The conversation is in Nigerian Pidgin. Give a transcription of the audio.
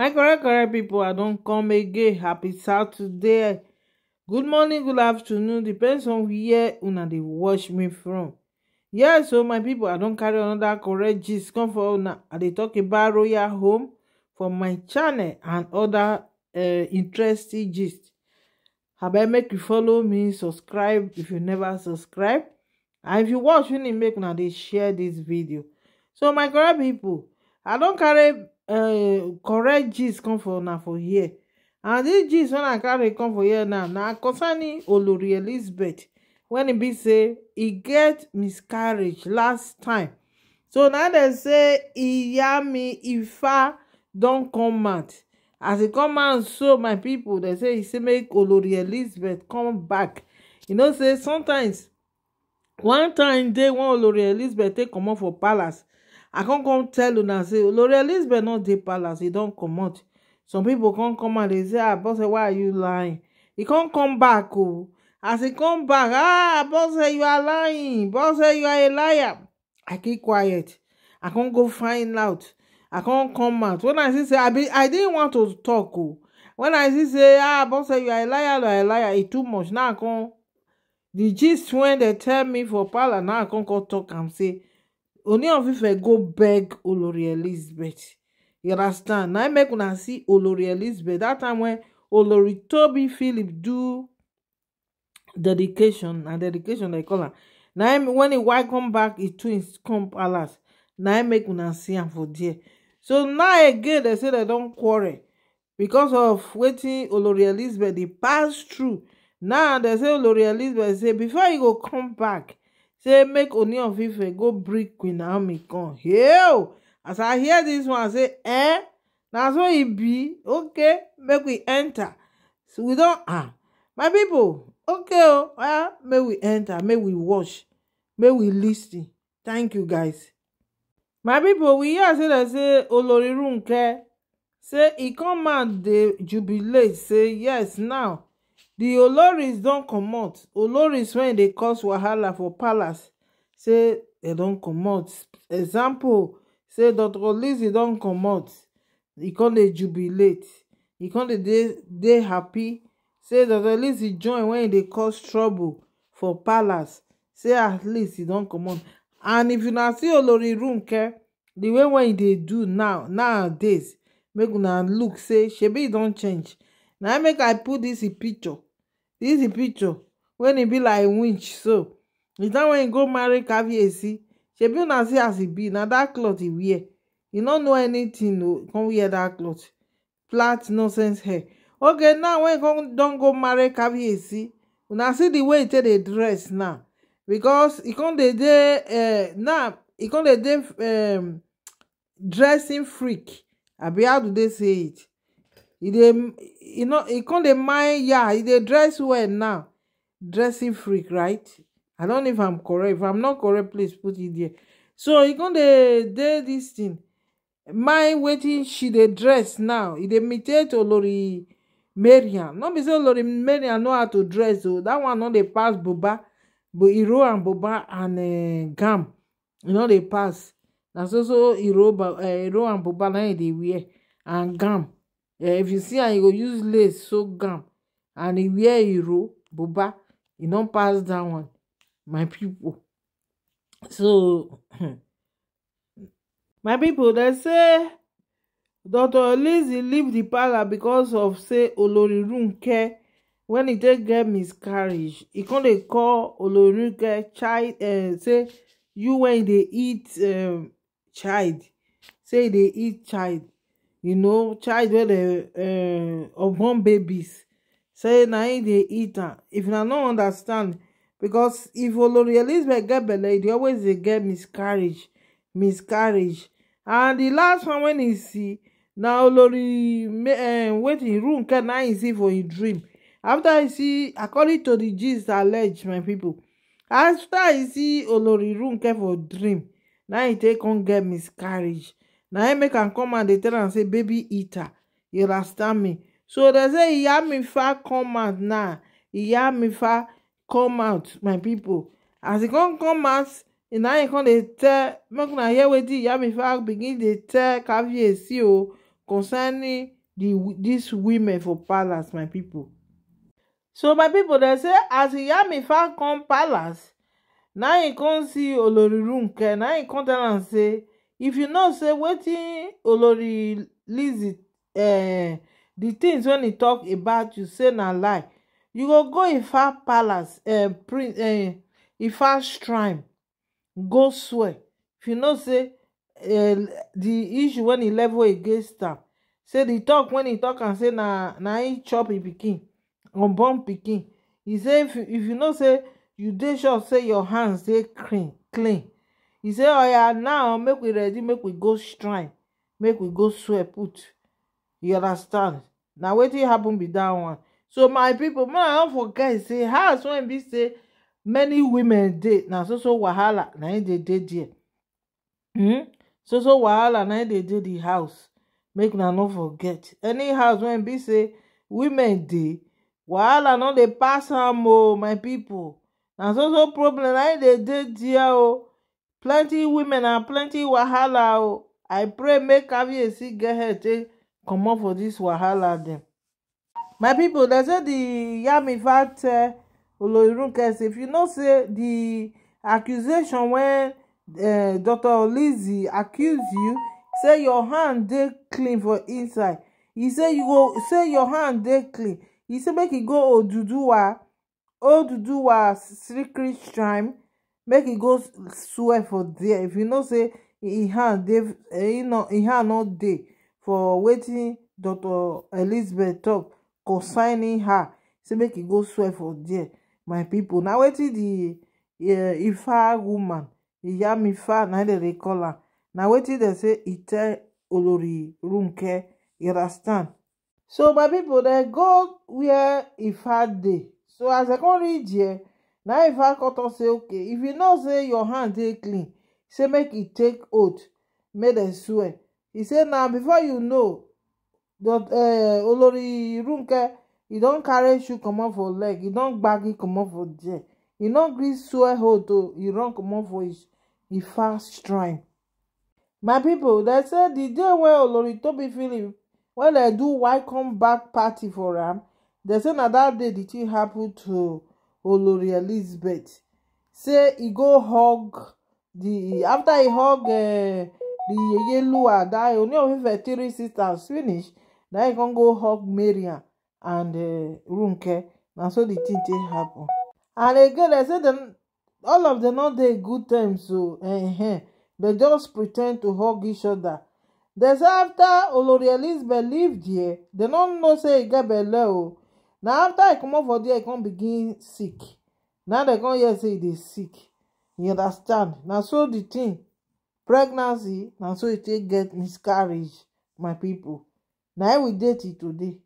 my correct correct pipo i don't come again happy saturday good morning good afternoon depends on where una they watch me from Yeah, so my people, i don't carry another correct gist come for una i they talk about royal home for my channel and oda eh, interesting gist abeg make you follow me subscribe if you never subscribe and if you watch you need make una they share this video so my correct people, i don't carry Eh, correct gist come for na for here and this gist when i carry come for here now now concerning olori elizabeth when he be say he get miscarriage last time so now they say he yami ifa don't come out as he come out so my people they say he say make olori elizabeth come back you know say sometimes one time dey when olori elizabeth take comot for palace i can't come tell you una say olori elizabeth not dey palace e don comot some people can't come and dey say ah boss, say why are you lying He can't come back Oh, as e come back ah boss, say you are lying Boss, say you are a liar i keep quiet i can't go find out i can't come out wen i see say i be," i didn't want to talk Oh, when i see say ah boss, say you are a liar you are a liar e too much now i con the gist wey they tell me for palace now i can't go talk and say Ooni of Ife go beg Olori Elizabeth. You understand? I make una see Olori Elizabeth. That time when Olori Toby Philip do dedication, and dedication they call her. Now when the wife come back it twins come palace. Now I make una see am for there. So now again they say they don't quarrel because of wetin Olori Elizabeth they pass through. Now they say Olori Elizabeth say before you go come back, say make oni of ife go bring queen naomi come hell as i hear this one say eh na so e be okay make we enter so we don ah my people, okay o well may we enter May we watch May we listen thank you guys my people, we hear say dem say Olori olorirunke say e come out dey jubilate say yes now di oloris don comot oloris wey dey cause wahala for palace say dem don comot example say dr olizi don comot e con dey jubilate e con dey dey happy say dr olizi join e dey cause trouble for palace say at least e don comot and if una see olori runke care the way wey e dey do now nowadays make una look say shebi e don change na make i put dis in picture. dis the picture when e be like winch so the time when e go marry caviesi shebi una see as he be Now that cloth he wear e no know anything o come wear that cloth flat nonsense hair okay now wen e don't go marry caviesi una see the way he take the dress now because he come dey dey eh, now he come dey dey um, dressing freak abi how do they say it e dey e no e come dey mind yah. e dey dress well now dressing freak right i don't know if i'm correct if i'm not correct please put it there so e come dey dey this thing mind wetin she dey dress now e dey imitate olori mariam no be say olori mariam know how to dress o oh. that one no dey pass boba but iro and boba and uh, gam e no dey pass na so so iro, uh, iro and boba na e dey wear and gam if you see am you go use lace so am and e wear iro buba e don't pass that one my people. so my people, they say dr olise leave the parlor because of say olorirunke When e take get miscarriage e con dey call olorirunke child eh, say you when they um, dey eat child say they eat child you know child wey dey unborn eh, babies say na im e dey eat am if na no understand because if olori elizabeth get belle e dey always dey get miscarriage miscarriage and the last one wey e see na olori eh, wetin runke na im see for im dream After e see according to the gist alleged my people. After e see olori runke for dream na im take come get miscarriage na im make am come and dey tell am say baby eater you understand me so dem say iyamifa come out now iyamifa come out my people. as e come come out na im come dey tell make una hear wetin iyamifa begin dey tell caviarcy o concerning the dis women for palace my people. so my people dem say as iyamifa come palace na im come see olori runke na im come tell am say if you know say wetin olori lizzy um the things wey he talk about you say na lie you go go ifa palace um, eh, prince eh, um, ifa shrine go swear if you know say uh, the issue when he level against am say the talk when he talk am say na na him chop him pikin unborn pikin he say if, if you know say you dey sure say your hands dey clean clean e say oh, yeah, now make we ready make we go shrine make we go swear put you understand Now what wetin happen with that one so my people, man i don forget say house wey be say many women dey Now so so wahala now they dey dey there hmm so so wahala now they dey dey house make una not forget any house wey be say women dey wahala no they pass am o oh, my people. Now so so problem now they dey dey there o oh plenty women and plenty wahala o i pray make caviarcy get head take comot for dis wahala dem my pipo dem say di yamifa tell eh, oloirunke say if you know say di accusation wey eh, dr lizzie accuse you say your hand dey clean for inside e say you go say your hand dey clean e say make e go oduduwa oduduwa shrine make e go swear for there if you know say he eh, hand no day for waiting. dr elizabeth tok concerning her say make e go swear for there my people. Now na the, di eh, ifa woman iyamifa na dem dey call her. Now wetin they say e tell olori runke irastan. so my people, they go where ifa day. so as I come reach here Now if I, tok say okay if you know say your hand dey clean say make e take oath make dem swear He say now before you know that eh, olori runke e don't carry shoe come off for leg e don come off for there e don't grease swear hold o e run comot for his. e fast shrine my people, they say the day wey olori tobi philip When dem do welcome back party for him, they say na that day the thing happun to olori elizabeth say e go hug di after e hug di eh, yeyelua die only of ife three sisters finish na e con go hug Maria and eh, runke na so di tin take happen and again I say dem all of dem no dey good terms o -huh. dem just pretend to hug each other dem say after olori elizabeth leave there dem no know say e get belle o oh. Now after e come for there e come begin sick now they come hear say e dey sick you understand Now so the thing, pregnancy Now so e take get miscarriage my people. Now we date it today